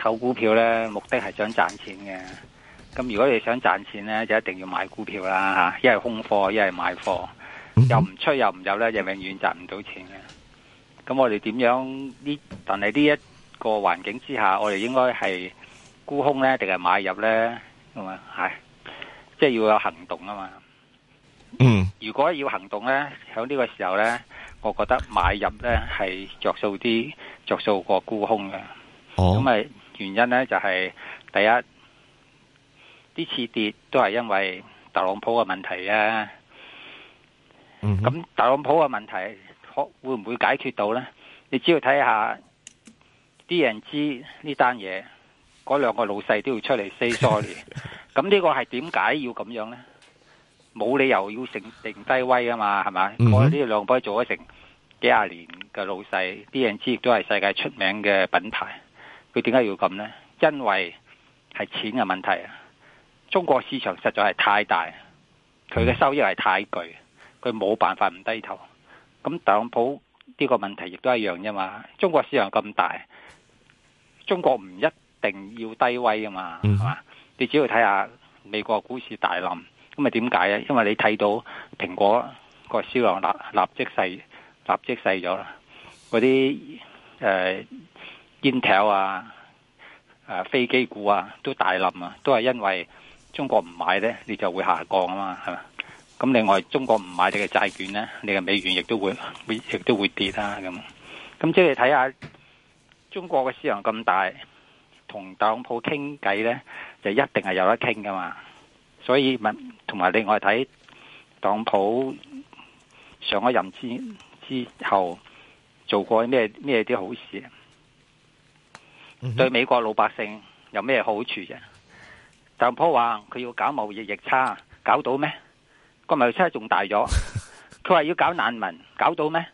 炒股票咧，目的係想賺錢嘅。咁如果你想賺錢咧，就一定要買股票啦吓，一係空貨，一係買貨，又唔出又唔入咧，就永遠賺唔到錢嘅。咁我哋點樣呢？但係呢一個環境之下，我哋應該係沽空咧，定係買入咧？係，即係要有行動啊嘛。嗯，如果要行動咧，喺呢個時候咧，我覺得買入咧係着數啲，着數過沽空嘅。哦，咁咪。原因呢就係、是、第一今次跌都係因為特朗普嘅問題啊，咁、嗯、特朗普嘅問題可會唔會解決到呢？你只要睇下 D&G 呢單嘢，嗰兩個老細都要出嚟 say sorry，咁 呢個係點解要咁樣呢？冇理由要成定低威啊嘛，係咪？我呢兩波做咗成幾廿年嘅老細，D&G 亦都係世界出名嘅品牌。佢點解要咁呢？因為係錢嘅問題啊！中國市場實在係太大，佢嘅收益係太巨，佢冇辦法唔低頭。咁特朗普呢個問題亦都一樣啫嘛。中國市場咁大，中國唔一定要低位啊嘛，係、嗯、嘛？你只要睇下美國股市大冧，咁咪點解咧？因為你睇到蘋果個銷量立立即細，立即細咗啦，嗰啲誒。Intel 啊，誒、啊，飛機股啊，都大冧啊，都係因為中國唔買呢，你就會下降啊嘛，係嘛？咁另外中國唔買你嘅債券呢，你嘅美元亦都會亦都會跌啦、啊。咁，咁即係睇下中國嘅市場咁大，同當鋪傾偈呢，就一定係有得傾噶嘛。所以同埋另外睇當鋪上一任之之後做過咩咩啲好事。嗯、對美國老百姓有咩好處啫？特朗普話佢要搞貿易逆差，搞到咩？個貿易差仲大咗。佢話要搞難民，搞到咩？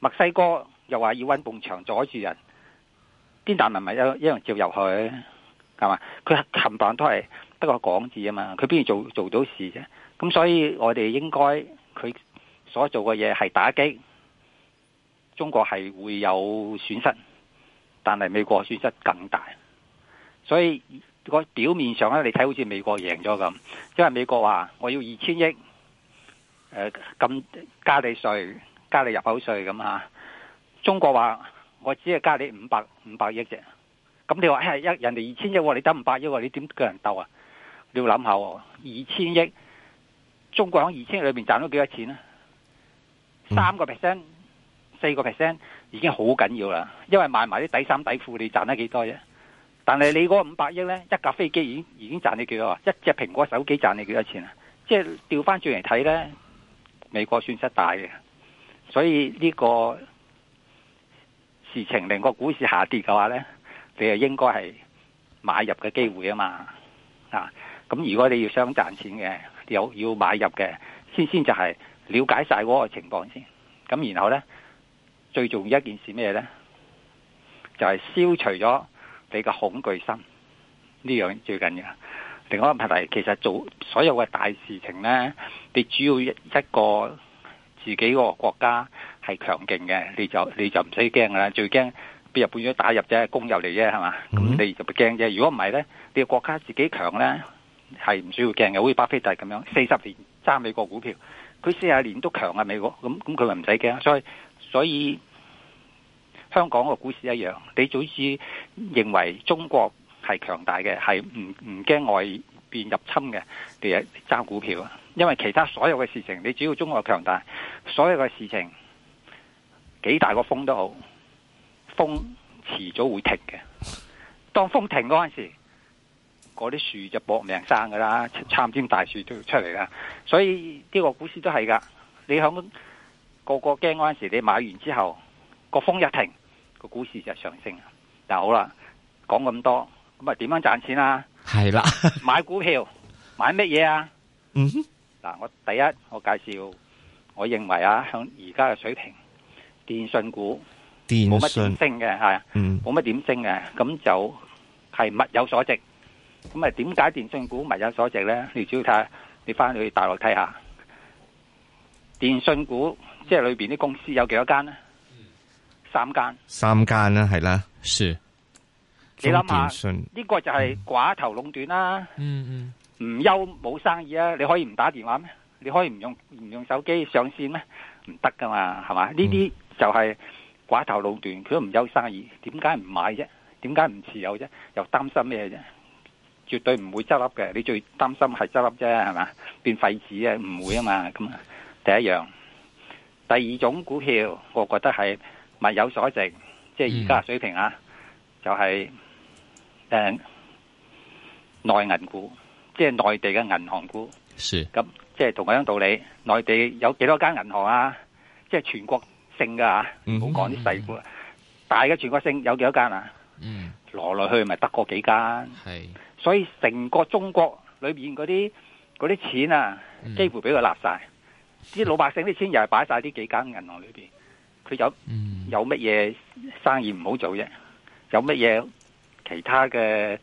墨西哥又話要搵埲牆阻住人，啲難民咪一一樣照入去，係嘛？佢冚唪唥都係，得個講字啊嘛，佢邊度做做到事啫？咁所以我哋應該佢所做嘅嘢係打擊中國係會有損失。但係美國損失更大，所以個表面上咧，你睇好似美國贏咗咁，因為美國話我要二千億，誒、呃、咁加你稅，加你入口稅咁吓。中國話我只係加你五百五百億啫，咁你話一、欸、人哋二千億喎，你得五百億喎，你點叫人鬥啊？你要諗下喎，二千億，中國喺二千億裏面賺咗幾多錢啊？三個 percent。四個 percent 已經好緊要啦，因為賣埋啲底衫底褲，你賺得幾多啫？但係你嗰五百億呢，一架飛機已經已經賺你幾多啊？一隻蘋果手機賺你幾多錢啊？即係調翻轉嚟睇呢，美國損失大嘅，所以呢個事情令個股市下跌嘅話呢，你係應該係買入嘅機會啊嘛？啊，咁如果你要想賺錢嘅，有要，要買入嘅，先先就係了解晒嗰個情況先，咁然後呢。最重要一件事咩咧？就係、是、消除咗你嘅恐懼心，呢樣最緊要。另外一個問題，其實做所有嘅大事情咧，你主要一個自己個國家係強勁嘅，你就你就唔使驚噶啦。最驚俾日本佬打入啫，攻入嚟啫，係嘛？咁你就唔驚啫。如果唔係咧，你個國家自己強咧，係唔需要驚嘅。好似巴菲特咁樣，四十年揸美國股票，佢四十年都強啊美國，咁咁佢咪唔使驚？所以所以。香港個股市一樣，你早已認為中國係強大嘅，係唔唔驚外邊入侵嘅，嚟揸股票啊！因為其他所有嘅事情，你只要中國強大，所有嘅事情幾大個風都好，風遲早會停嘅。當風停嗰陣時候，嗰啲樹就搏命生噶啦，參天大樹都要出嚟啦。所以呢個股市都係噶，你響個個驚嗰陣時候，你買完之後個風一停。個股市就上升就就啊！但係好啦，講咁多，咁啊點樣賺錢啦？係啦，買股票，買乜嘢啊？嗯，嗱，我第一我介紹，我認為啊，向而家嘅水平，電信股冇乜點升嘅，係、嗯，冇乜點升嘅，咁就係物有所值。咁啊，點解電信股物有所值咧？你主要睇，你翻去大陸睇下，電信股即係、就是、裏邊啲公司有幾多間咧？三間，三間啦，係啦，是。你諗下，呢個就係寡頭壟斷啦。嗯嗯，唔憂冇生意啊？你可以唔打電話咩？你可以唔用唔用手機上線咩？唔得噶嘛，係嘛？呢啲就係寡頭壟斷，佢都唔憂生意，點解唔買啫？點解唔持有啫？又擔心咩啫？絕對唔會執笠嘅，你最擔心係執笠啫，係嘛？變廢紙啊，唔會啊嘛，咁啊，第一樣。第二種股票，我覺得係。物有所值，即係而家水平啊！嗯、就係、是、誒、呃，內銀股，即係內地嘅銀行股。是。咁即係同樣道理，內地有幾多間銀行啊？即係全國性噶吓、啊，唔好講啲細股。大嘅全國性有幾多間啊？嗯，來來去咪得個幾間。係。所以成個中國裏邊嗰啲嗰啲錢啊，幾乎俾佢立晒。啲、嗯、老百姓啲錢又係擺晒啲幾間銀行裏邊。佢有有乜嘢生意唔好做啫？有乜嘢其他嘅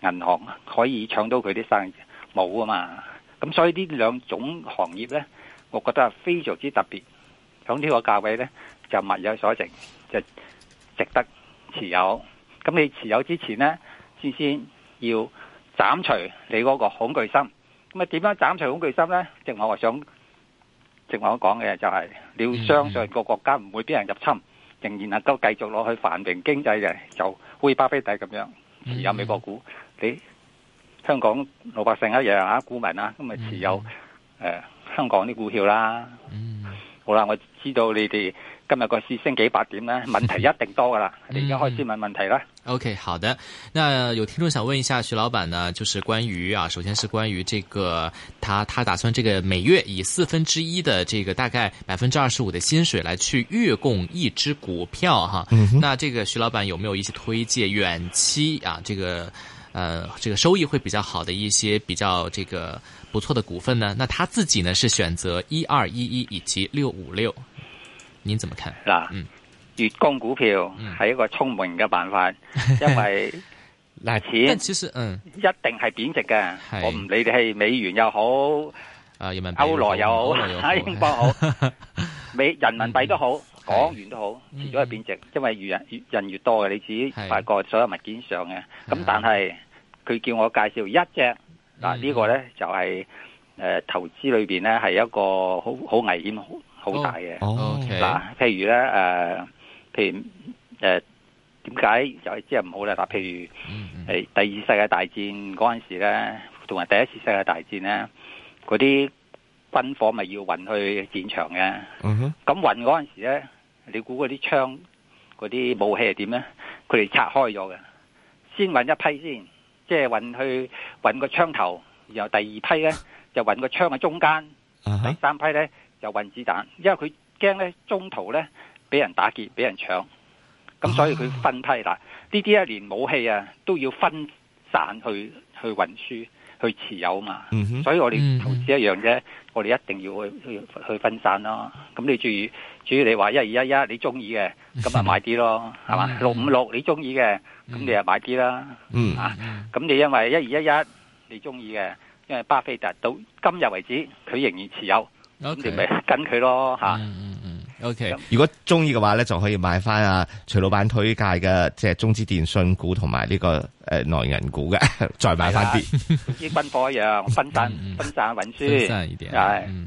銀行可以搶到佢啲生意冇啊嘛？咁所以呢兩種行業咧，我覺得非常之特別。響呢個價位咧，就物有所值，就值得持有。咁你持有之前咧，先先要斬除你嗰個恐懼心。咁啊，點樣斬除恐懼心咧？即係我話想。正我講嘅就係、是，你要相信個國家唔會俾人入侵，仍然能夠繼續攞去繁榮經濟嘅，就好似巴菲特咁樣持有美國股。你香港老百姓一樣啊，股民啊咁咪持有誒、嗯呃、香港啲股票啦。好啦，我知道你哋今日個市升幾百點呢，問題一定多噶啦、嗯，你而家開始問問題啦。OK，好的。那有聽眾想問一下徐老闆呢，就是關於啊，首先是關於這個，他他打算這個每月以四分之一的這個大概百分之二十五的薪水來去月供一支股票哈、嗯。那這個徐老闆有沒有一些推薦遠期啊？這個。呃，這個收益會比較好的一些比較這個不錯的股份呢？那他自己呢是選擇一二一一以及六五六，您怎麼看？嗱，月供股票係一個聰明嘅辦法。嗯、 因為嗱錢，其實嗯，一定係貶值嘅，我唔理你係美元又好啊，人民幣歐羅又好，好，英鎊好，美 人民幣都好。港元都好，遲早係貶值，因為越人越人越多嘅，你自己發覺所有物件上嘅，咁但係佢叫我介紹一隻嗱，呢個咧就係誒投資裏邊咧係一個好好危險好大嘅，嗱，譬如咧誒譬如誒點解就係即係唔好咧？嗱，譬如係第二次世界大戰嗰陣時咧，同埋第一次世界大戰咧，嗰啲軍火咪要運去戰場嘅，咁運嗰陣時咧。你估嗰啲槍嗰啲武器係點咧？佢哋拆開咗嘅，先揾一批先，即係揾去揾個槍頭，然後第二批咧就揾個槍嘅中間，第三批咧就揾子彈，因為佢驚咧中途咧俾人打劫，俾人搶，咁所以佢分批啦。呢啲一連武器啊都要分散去去運輸。去持有嘛，所以我哋投資一樣啫，我哋一定要去去去分散咯。咁你注意，注意你話一二一一你中意嘅，咁啊買啲咯，係嘛？六五六你中意嘅，咁你啊買啲啦。嗯，啊，咁你因為一二一一你中意嘅，因為巴菲特到今日為止佢仍然持有，咁你咪跟佢咯，嚇。OK，如果中意嘅話咧，就可以買翻阿徐老闆推介嘅，即係中資電信股同埋呢個誒內銀股嘅，再買翻啲。依分貨一樣，分散分散運輸係。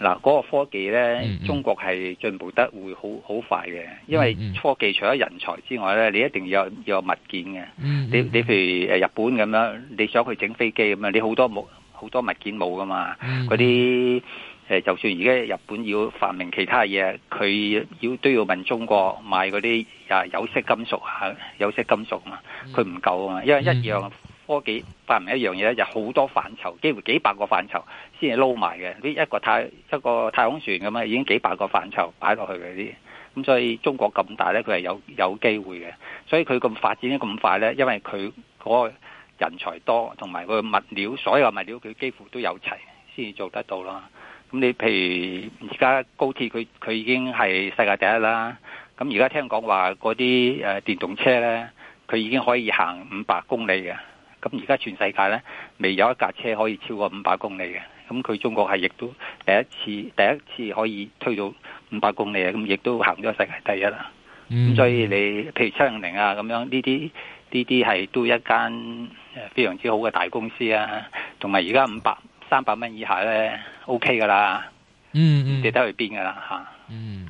嗱，嗰個科技咧，中國係進步得會好好快嘅，因為科技除咗人才之外咧，你一定要有要有物件嘅，嗯。你你譬如日本咁樣，你想去整飛機咁樣，你好多冇好多物件冇噶嘛。嗰，嗯、啲就算而家日本要發明其他嘢，佢要都要問中國買嗰啲有色金屬啊，有色金屬嘛，佢唔夠啊嘛，因為一樣。嗯科技發明一樣嘢咧，就好多範疇，幾乎幾百個範疇先係撈埋嘅。呢一個太一個太空船咁樣，已經幾百個範疇擺落去嗰啲。咁所以中國咁大呢，佢係有有機會嘅。所以佢咁發展得咁快呢，因為佢嗰個人才多，同埋個物料，所有物料佢幾乎都有齊，先至做得到咯。咁你譬如而家高鐵，佢佢已經係世界第一啦。咁而家聽講話嗰啲誒電動車咧，佢已經可以行五百公里嘅。咁而家全世界咧，未有一架車可以超過五百公里嘅。咁佢中國係亦都第一次，第一次可以推到五百公里嘅，咁亦都行咗世界第一啦。咁、嗯、所以你譬如七零零啊，咁樣呢啲呢啲係都一間非常之好嘅大公司啊。同埋而家五百三百蚊以下咧，OK 噶啦。嗯嗯，跌得去邊噶啦吓。嗯。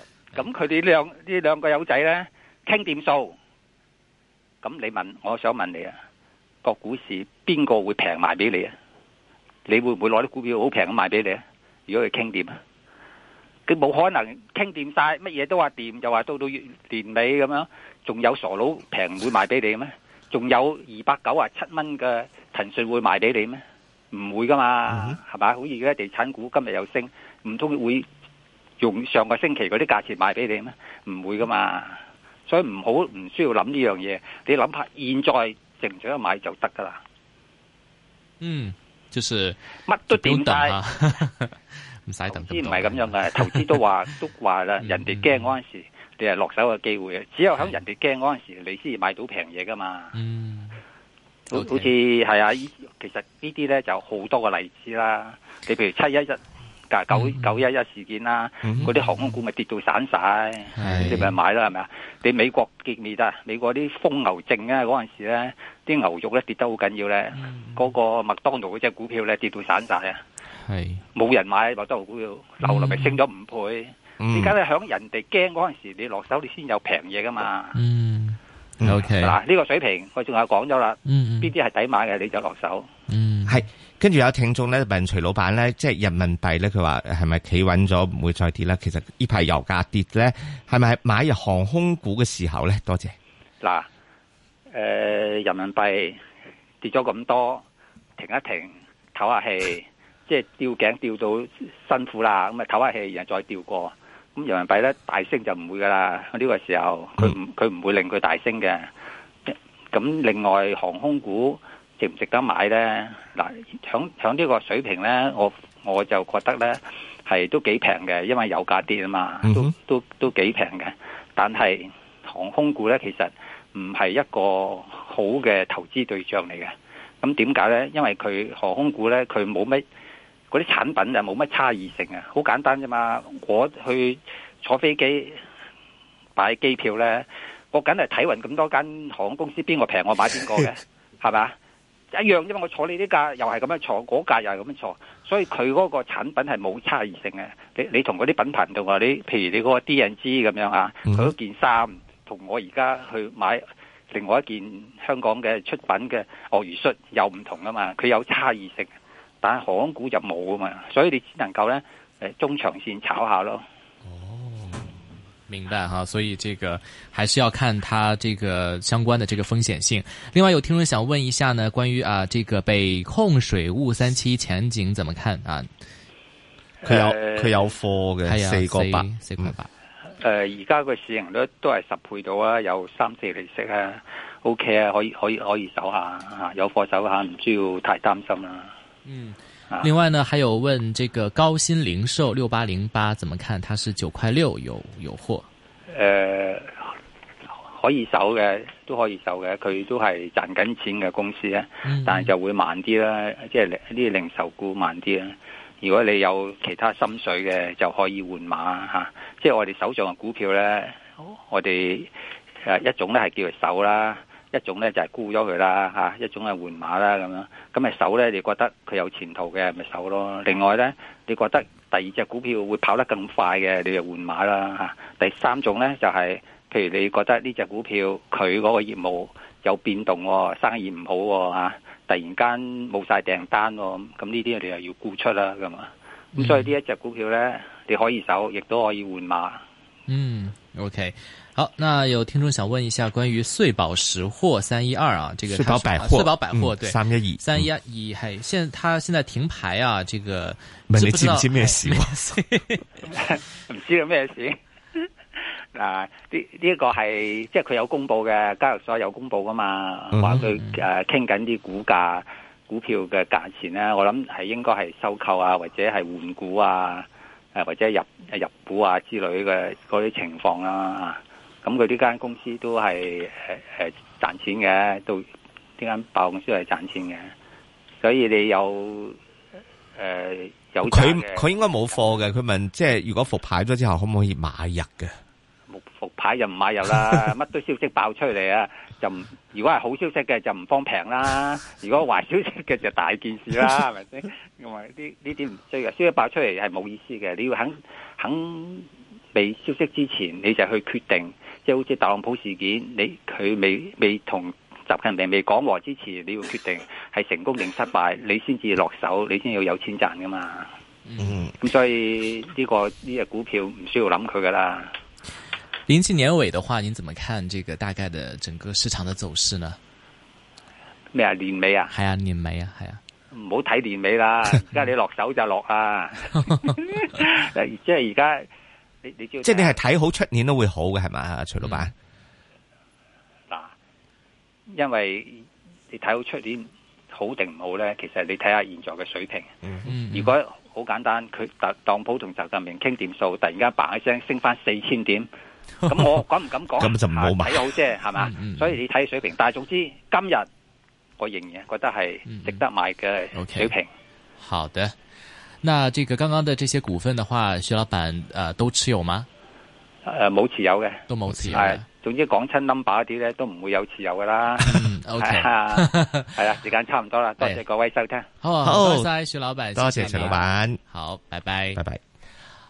咁佢哋呢兩呢兩個友仔咧，傾掂數。咁你問，我想問你啊，個股市邊個會平賣俾你啊？你會唔會攞啲股票好平咁賣俾你啊？如果佢傾掂啊，佢冇可能傾掂晒，乜嘢都話掂，就話到到年尾咁樣，仲有傻佬平會賣俾你咩？仲有二百九十七蚊嘅騰訊會賣俾你咩？唔會噶嘛，係咪？好似而家地產股今日又升，唔通會用上個星期嗰啲價錢賣俾你咩？唔會噶嘛，所以唔好唔需要諗呢樣嘢。你諗下，現在正常買就得噶啦。嗯，就是乜都點解唔使等？投資唔係咁樣嘅，投資都話都話啦。人哋驚嗰陣時，你係落手嘅機會嘅。只有喺人哋驚嗰陣時，你先至買到平嘢噶嘛。嗯，好，好似係啊。其實呢啲咧就有好多個例子啦。你譬如七一一。九九一一事件啦，嗰啲航空股咪跌到散曬，你咪買啦，係咪啊？你美國嘅未得，美國啲瘋牛症啊，嗰陣時咧，啲牛肉咧跌得好緊要咧，嗰個麥當勞嗰隻股票咧跌到散曬啊，係冇人買麥當勞股票，後來咪升咗五倍。而家咧響人哋驚嗰陣時，你落手你先有平嘢噶嘛。嗯，OK 嗱呢個水平，我仲有講咗啦，嗯，邊啲係抵買嘅你就落手。嗯。係，跟住有聽眾咧問徐老闆咧，即係人民幣咧，佢話係咪企穩咗，唔會再跌啦？其實呢排油價跌咧，係咪買入航空股嘅時候咧？多謝。嗱，誒，人民幣跌咗咁多，停一停，唞下氣， 即係吊頸吊到辛苦啦，咁啊唞下氣，然後再吊過。咁人民幣咧大升就唔會噶啦，呢個時候佢唔佢唔會令佢大升嘅。咁另外航空股。值唔值得買呢？嗱，響響呢個水平呢，我我就覺得呢係都幾平嘅，因為油價跌啊嘛，都都都幾平嘅。但係航空股呢，其實唔係一個好嘅投資對象嚟嘅。咁點解呢？因為佢航空股呢，佢冇乜嗰啲產品就冇乜差異性啊。好簡單啫嘛，我去坐飛機買機票呢，我梗係睇勻咁多間航空公司邊個平我買邊個嘅，係 嘛？一樣，咋嘛？我坐你啲架，又係咁樣坐，嗰架又係咁樣坐，所以佢嗰個產品係冇差異性嘅。你你同嗰啲品牌唔同話，你譬如你嗰個 D&G 咁樣吓，佢、mm -hmm. 一件衫同我而家去買另外一件香港嘅出品嘅鱷魚恤又唔同啊嘛，佢有差異性，但係港股就冇啊嘛，所以你只能夠咧誒中長線炒一下咯。明白哈，所以這個還是要看它這個相關的這個風險性。另外有聽眾想問一下呢，關於啊這個北控水務三期前景怎麼看啊？佢、呃、有佢有貨嘅、哎，四個八，四塊八。誒、呃，而家個市盈率都係十倍到啊，有三四厘息啊，OK 啊，可以可以可以守下啊，有貨守下，唔需要太擔心啦、啊。嗯，另外呢還有問這個高新零售六八零八怎麼看？它是九塊六有有貨。誒、呃，可以守嘅都可以守嘅，佢都係賺緊錢嘅公司咧，mm -hmm. 但係就會慢啲啦，即係呢啲零售股慢啲啦。如果你有其他心水嘅，就可以換碼吓。即、啊、係、即係、我哋手上嘅股票咧，oh. 我哋誒一種咧係叫做守啦。一種咧就係沽咗佢啦，一種係換馬啦咁樣，咁咪守咧，你覺得佢有前途嘅咪守咯。另外咧，你覺得第二隻股票會跑得更快嘅，你就換馬啦。第三種咧就係、是，譬如你覺得呢隻股票佢嗰個業務有變動喎、哦，生意唔好喎、哦啊，突然間冇晒訂單喎、哦，咁呢啲你又要沽出啦，咁，咁所以呢一隻股票咧，你可以守，亦都可以換馬。嗯。O、okay. K，好，那有聽眾想問一下關於穗寶實貨三一二啊，這個穗寶百貨，穗寶百貨對，三一二，三一二，係現，他現在停牌啊，這個唔知咩事咩事，唔、哎、 知佢咩事嗱，呢 呢、 這個係即係佢有公布嘅，交易所有公布噶嘛，話佢誒傾緊啲股價，股票嘅價錢咧，我諗係應該係收購啊，或者係換股啊。誒，或者入入股啊之類嘅嗰啲情況啊，咁佢呢間公司都係誒誒賺錢嘅，到呢間爆公司係賺錢嘅，所以你有誒、呃、有。佢佢應該冇貨嘅，佢問即係如果復牌咗之後可唔可以買入嘅？冇，復牌就唔買入啦，乜 都消息爆出嚟啊！就如果係好消息嘅就唔方平啦，如果壞消息嘅就大件事啦，係咪先？因為呢呢點唔需要，消息爆出嚟係冇意思嘅。你要肯肯未消息之前，你就去決定，即係好似特朗普事件，你佢未未同習近平未講和之前，你要決定係成功定失敗，你先至落手，你先要有錢賺噶嘛。嗯，咁所以呢個呢個股票唔需要諗佢噶啦。臨近年尾嘅話，您怎麼看這個大概的整個市場的走勢呢？咩啊？年尾啊？係 啊，年尾啊，係啊。唔好睇年尾啦，而家你落手就落啊。即係而家你你即係，你係睇好出年都會好嘅係嘛？啊徐老闆。嗱、嗯，因為你睇好出年好定唔好咧，其實你睇下現在嘅水平。嗯嗯、如果好簡單，佢特朗普同習近平傾掂數，突然間嘭一聲升返四千點。咁 我敢唔敢講？咁就唔好買，睇好啫，係 嘛、嗯嗯？所以你睇水平。但係總之，今日我仍然覺得係值得買嘅水平。嗯、okay，好的，那這個剛剛的這些股份的話，徐老闆、呃、都持有嗎？呃、冇持有嘅，都冇持有、哎。總之講親 number 嗰啲咧，都唔會有持有噶啦。OK，係啦，時間差唔多啦，多謝各位收聽。 好，好，好，多謝徐老闆，多謝徐老闆。好，拜拜，拜拜。